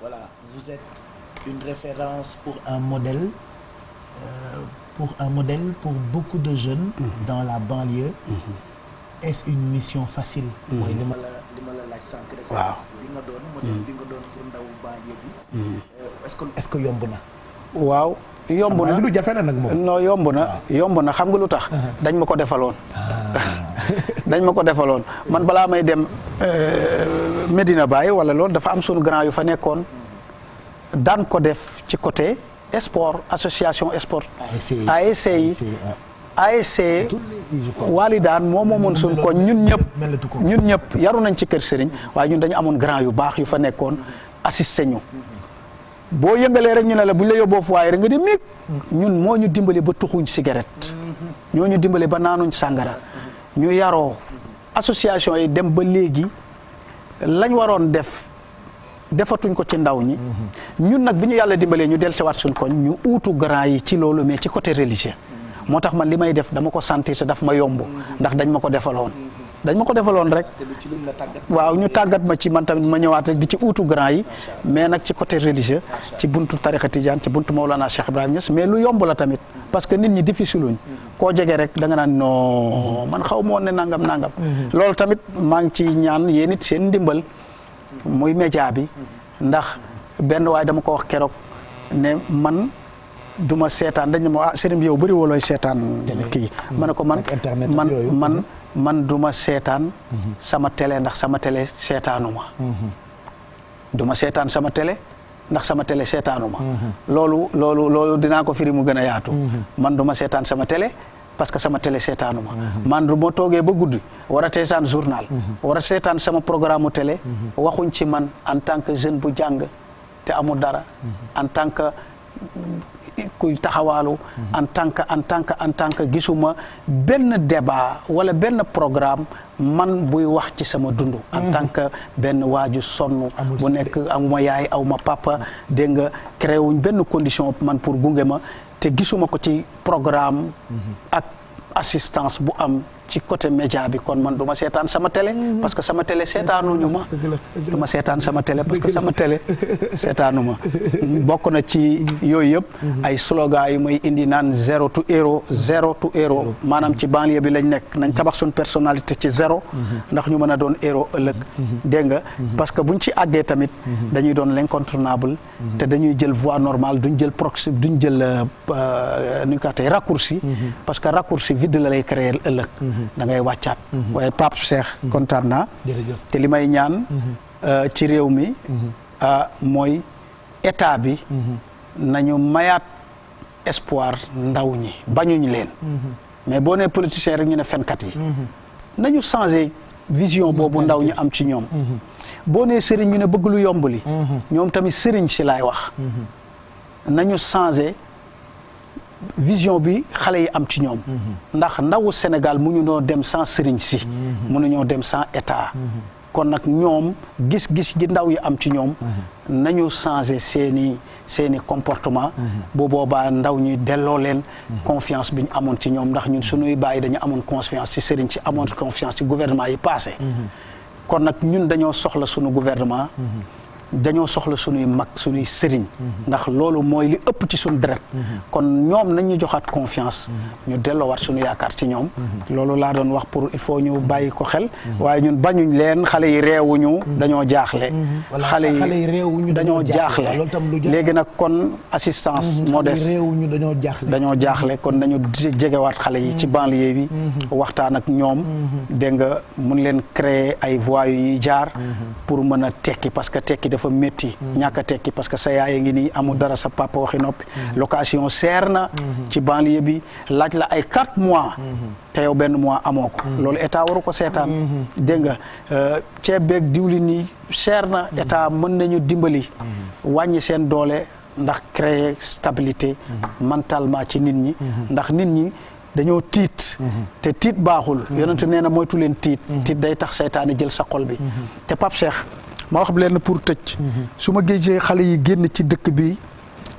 voilà vous êtes une pour un modèle euh, pour modèle pour beaucoup de jeunes mhm. dans la banlieue mm -hmm. est-ce une mission facile mhm. ma la li ma la laaj sànq référence bi nga doon modèle mhm. bi nga doon ndaw banlieue bi euh, est-ce que est-ce que yomb na waaw yomb na lu jafe na nag moom yomb na ah. yomb na xam nga lu tax ah. dañ ma ko defaloon ah. dañ ma ko defaloon man balaa may dem euh, Medina Baye wala loolu dafa am sunu grand yu fa nekkoon daan ko def ci côté sport association sport. ASC yi ASC Walidaan moo moomoon suñ ko ñun ñëpp ñun ñëpp yaru nañ ci kër sëriñ waaye ñun dañu amoon grand yu baax yu fa nekkoon assisté ñu boo yëngalee rek ñu ne la bu ñu la yóbboo waaye rek nga di miig ñun moo ñu dimbale ba tuxuñ cigarette ñoo ñu dimbale ba naanuñ sàngara ñu yaroo association yi dem ba léegi lañ waroon def defatuñ ko ci ndaw ñi. ñun nag bi ñu yàlla dimbalee ñu del ci waat suñ koñ ñu uutu grand yi ci loolu mais ci côté religieux. moo tax ma li may def dama ko sentir te dafa ma yomb ndax dañ ma ko defaloon. dañ ma ko defaloon rek waaw ñu tàggat ma ci man tamit ma ñëwaat rek di ci uutu grand yi mais nag ci côté religieux ci buntu tarixa tijaan ci buntu Mawlana Cheikh Ibrahima Niass mais lu yomb la tamit parce que nit ñi difficile luñ koo jege rek da nga naan non man xaw ma woon ne nangam nangam mhm. loolu tamit maa ngi ci ñaan yéen it seen ndimbal muy média bi mhm. ndax benn waaye dama ko wax keroog ne man du ma seetaan dañ ne ma ah bëri wolooy seetaan kii hmm. ma ne ko man man man hmm. man du ma seetaan hmm. sama tele ndax sama télé seetaanuma du ma seetaan sama télé ndax sama télé seetaanuma loolu loolu loolu dinaa ko firi mu gën a yaatu man du ma seetaan sama tele parce que sama télé seetaanuma man du ma toogee ba guddi war a seetaan journal war a seetaan sama programme mu télé waxuñ ci man en tant que jeune bu jàng te amul dara en tant que kuy taxawaalu en tant que en tant que en tant que gisuma benn débat wala benn programme man buy wax ci sama dund en mhm. tant que benn waaju sonn bu nekk amuma yaay awma pappa dégg nga créé wuñ benn condition man pour gunge ma te gisuma ko ci programme mhm. ak assistance bu am ci côté média bi kon man du mm-hmm. ma seetaan sama télé. parce que sama télé ñu ma. du ma seetaan sama télé parce que sama télé seetaanu ma. Mm-hmm. bokk na ci mm-hmm. yooyu yëpp. ay slogan yu may indi naan zéro to héros zéro to héros maanaam ci banlieue bi lañ nekk nañ tabax suñ personnalité ci zéro. ndax ñu mën a doon héros ëllëg. dégg nga parce que buñ ci àggee tamit. dañuy doon l'incontournable. te dañuy jël voie normal duñ jël proxy duñ jël euh, euh, nu ñu ko waxee raccourci. parce que raccourci vide la lay créer ëllëg. da ngay wàccaat. Mhm. waaye Pape Cheikh mhm. kontaan naa. te li may ñaan. Mhm. Euh, ci réew mi. Euh, mooy état bi. nañu mayaat espoir ndaw ñi bañuñ leen. mais boo nee politicien rek ñu ne fenkat yi. nañu changé vision boobu ndaw ñi am ci ñoom. boo nee sëriñ ñu ne bëgg lu yombali. ñoom tamit sëriñ si laay wax. nañu changé. vision bi xale yi am ci ñoom mm-hmm. ndax ndawu Sénégal mu ñu noo dem sans sëriñ si mm-hmm. mënuñoo dem sans état mm-hmm. kon nag ñoom gis-gis gi ndaw yi am ci ñoom nañu changé seeni seeni comportement bu boobaa ndaw ñi delloo leen confiance bi ñu amoon ci ñoom ndax ñun suñuy bàyyi dañu amoon confiance ci sëriñ si amoon confiance ci gouvernement yi passé kon nag ñun dañoo soxla suñu gouvernement dañoo soxla suñuy mag suñuy sëriñ ndax loolu mooy li ëpp ci suñu deret kon ñoom nañ joxaat confiance ñu delloowaat suñu yaakaar ci ñoom loolu laa doon wax pour il faut ñu bàyyi ko xel waaye ñun bañuñ leen xale yi réewuñu dañoo jaaxle xale yi réewuñu dañoo jaaxle léegi nag kon assistance moo des réewuñu dañoo jaaxle dañoo jaaxle kon nañu jegewaat xale yi ci mm-hmm. banlieue bi mm-hmm. waxtaan ak ñoom mm-hmm. dégg nga mun leen créer ay voies yu ñuy jaar pour mën a tekki parce que tekki dafa métti ñàkk a tekki parce que sa yaay ngi nii amul dara sa papa waxi noppi location seer na ci banlieue bi laaj la ay quatre mois te yow benn mois amoo ko loolu état waru ko seetaan dégg nga euh, ceeb beeg diwlin yi seer na état mën nañu dimbali wàññi seen doole ndax créer stabilité mentalement ci nit ñi ndax nit ñi dañoo tiit te tiit baaxul yonentu nee na moytu leen tiit tiit day tax seytaane jël sa xol bi te Pape Cheikh ma wax leen pour tëj. Mhm. su ma gisee xale yi génn ci dëkk bi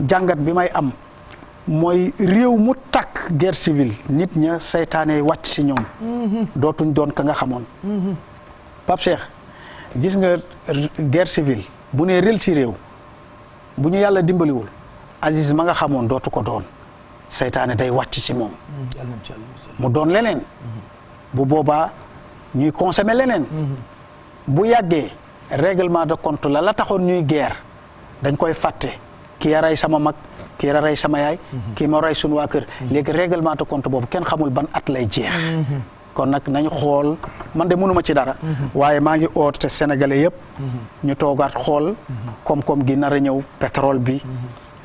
jàngat bi may am mooy réew mu tàkk guerre civile nit ña seytaane wàcc si ñoom. Mhm. dootuñ doon ka nga xamoon. Mhm. Pape Cheikh gis nga guerre civile bu nee réel ci réew bu ñu yàlla dimbaliwul Aziz ma nga xamoon dootu ko doon seytaane day wàcc si moom. mu doon leneen. bu boobaa ñuy consommer leneen. bu yàggee. règlement de compte la la taxoon ñuy guerre dañ koy fàtte kii a rey sama mag kii a rey sama yaay mhm. kii ma rey suñu waa kër mhm. léegi règlement de compte boobu kenn xamul ban at lay jeex mhm. kon nag nañ xool man de mënuma ci dara waaye maa ngi oote sénégalais yëpp ñu toogaat xool koom-koom gi nar a ñëw pétrole bi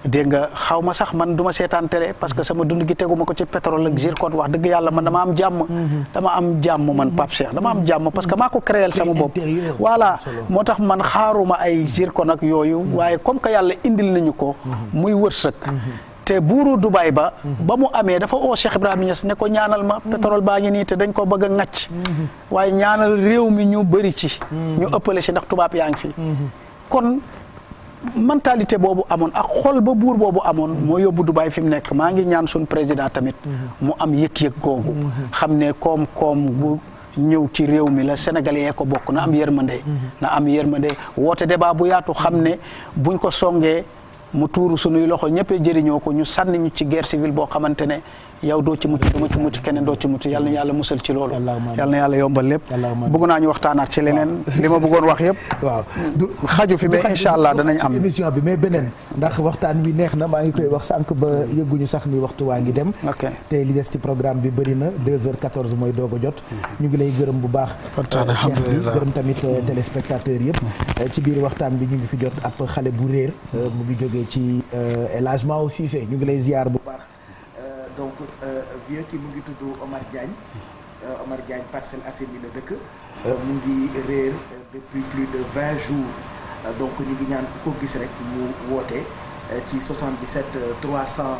dégg nga xaw ma sax man du ma seetaan télé parce que sama dund gi teguma ko ci pétrole ak zircon wax dëgg yàlla man dama am jàmm mhm. dama am jàmm man Pape Cheikh dama am jàmm parce que maa ko créel sama bopp voilà moo tax man xaaruma ay zircon ak yooyu mhm. waaye comme que yàlla indil nañu ko mhm. muy wërsëg te buuru Dubaay ba ba mu amee dafa oo Cheikh Ibrahima Niass ne ko ñaanal ma pétrole baa ngi nii te dañ ko bëgg a ŋàcc waaye ñaanal réew mi ñu bëri ci ñu ëppale si ndax tubaab yaa ngi fi mentalité boobu amoon ak xol ba buur boobu amoon moo yóbbu Dubaay fi mu nekk maa ngi ñaan suñ président tamit mu am yëg-yëg googu xam ne koom-koom gu ñëw ci réew mi la sénégal yee ko bokk na am yërmande na am yërmande woote débat bu yaatu xam ne buñ ko songee mu tuuru sunuy loxo ñëpp jëriñoo ko ñu sànni ñu ci guerre civile boo xamante ne yow doo ci mucc dama ci mucc keneen doo ci mucc yal na yàlla musal ci loolu yal na yàlla yombal lépp bëgg naa ñu waxtaanaat ci leneen li ma bëggoon wax yëpp waaw xaju fi mais incha allah danañ am émission bi mais beneen ndax waxtaan wi neex na maa ngi koy wax sànq ba yëgguñu sax ni waxtu waa ngi dem te li des ci programme bi bëri na deux heures quatorze mooy doog a jot mhm. ñu ngi lay gërëm bu baax euh, cheikh bi gërëm tamit euh, mhm. téléspectateurs yëpp mhm. euh, ci biir waxtaan bi ñu ngi fi jot ab xale bu réer mu jógee ci élagement aussi ñu ngi lay ziar bu baax donc euh, vieux ki mu ngi tudd Omar Diagne euh, Omar Diagne Parcelles Assainies la dëkk euh, mu ngi réer depuis plus de vingt jours donc ñu ngi ñaan ku ko gis rek mu woote ci 77 300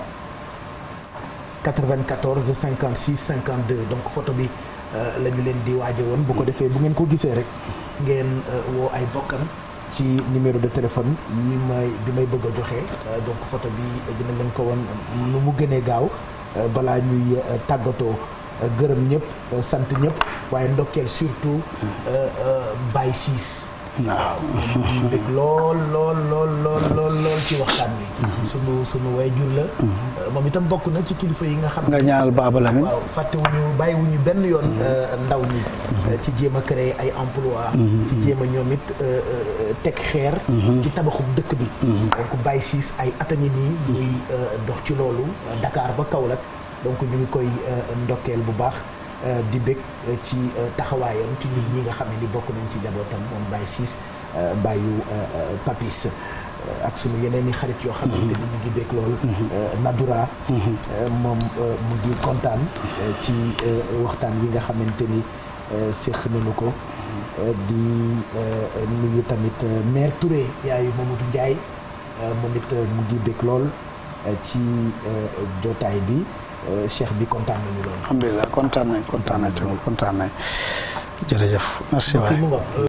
94 56 52 donc photo bi la leen di waaje woon bu ko defee bu ngeen ko gisee rek ngeen woo ay bokkam ci numéro de téléphone yi may bi may bëgg a joxe donc foto bi dina leen ko woon nu mu gënee gaaw Euh, balaa ñuy euh, tàggatoo euh, gërëm ñëpp sant ñëpp waaye ndokkeel surtout Baye Ciss waaw ñu bëgg lool lool lool lool ci waxtaan bi mhm. sunu sunu waajur la mhm. moom itam bokk na ci kilifa yi nga xam nga ñaanal Baba Lamine waaw fàttewuñu bàyyiwuñu benn yoon mhm. euh, ndaw ñi euh, ci jéem a créer ay emploi ci jéem a ñoom it euh, teg xeer ci tabaxub dëkk bi donc Baye Ciss ay atani a ngi nii muy dox ci loolu Dakar ba Kaolack donc ñu ngi koy ndokkeel bu baax Euh, di bëgg euh, ci euh, taxawaayam ci nit ñi nga xam ne ni bokk nañ ci jabootam moom Baye Ciss bàyyu Papis ak sunu yeneen i xarit yoo xam ne mhm. ñu ngi bëgg lool Nadoura mhm. mhm. moom mu ngi kontaan ci waxtaan wi nga xamante ni séq ko di nuyu tamit maire Touré yaayu Mamadou Ndiaye moom it mu ngi bëgg lool ci jotaay bi Euh, cheikh bi kontaan nañu loolu. alhamdulilah kontaan nañ kontaan nañ tamit kontaan nañ